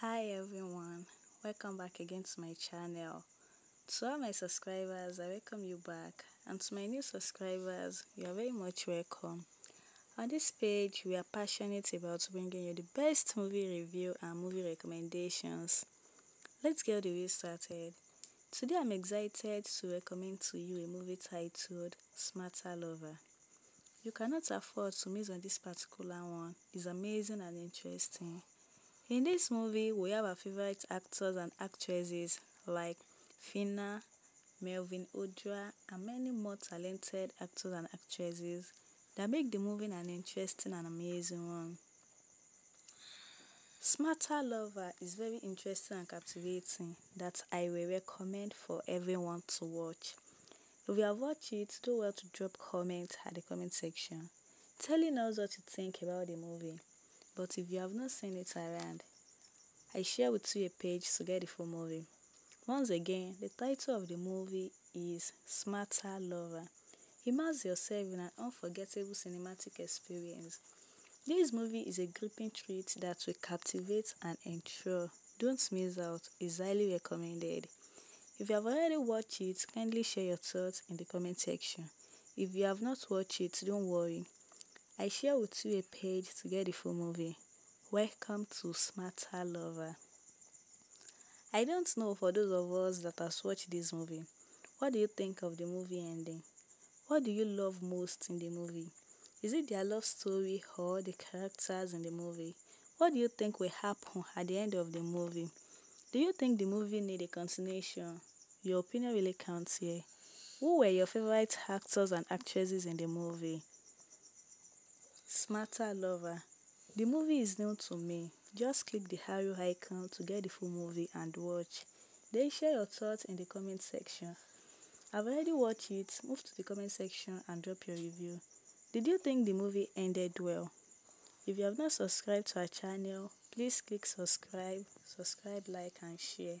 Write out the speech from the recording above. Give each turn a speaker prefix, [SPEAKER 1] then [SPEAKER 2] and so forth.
[SPEAKER 1] hi everyone welcome back again to my channel to all my subscribers i welcome you back and to my new subscribers you are very much welcome on this page we are passionate about bringing you the best movie review and movie recommendations let's get the way started today i'm excited to recommend to you a movie titled smarter lover you cannot afford to miss on this particular one it's amazing and interesting in this movie, we have our favorite actors and actresses like Fina, Melvin Odra, and many more talented actors and actresses that make the movie an interesting and amazing one. Smarter Lover is very interesting and captivating that I will recommend for everyone to watch. If you have watched it, do well to drop comments at the comment section telling us what you think about the movie but if you have not seen it around, I share with you a page to get it for movie. Once again, the title of the movie is Smarter Lover. Immerse yourself in an unforgettable cinematic experience. This movie is a gripping treat that will captivate and ensure don't miss out it's highly recommended. If you have already watched it, kindly share your thoughts in the comment section. If you have not watched it, don't worry. I share with you a page to get the full movie. Welcome to Smarter Lover. I don't know for those of us that has watched this movie, what do you think of the movie ending? What do you love most in the movie? Is it their love story or the characters in the movie? What do you think will happen at the end of the movie? Do you think the movie need a continuation? Your opinion really counts here. Who were your favorite actors and actresses in the movie? Smarter Lover: The movie is new to me, just click the arrow icon to get the full movie and watch, then share your thoughts in the comment section. I've already watched it, move to the comment section and drop your review. Did you think the movie ended well? If you have not subscribed to our channel, please click subscribe, subscribe, like and share.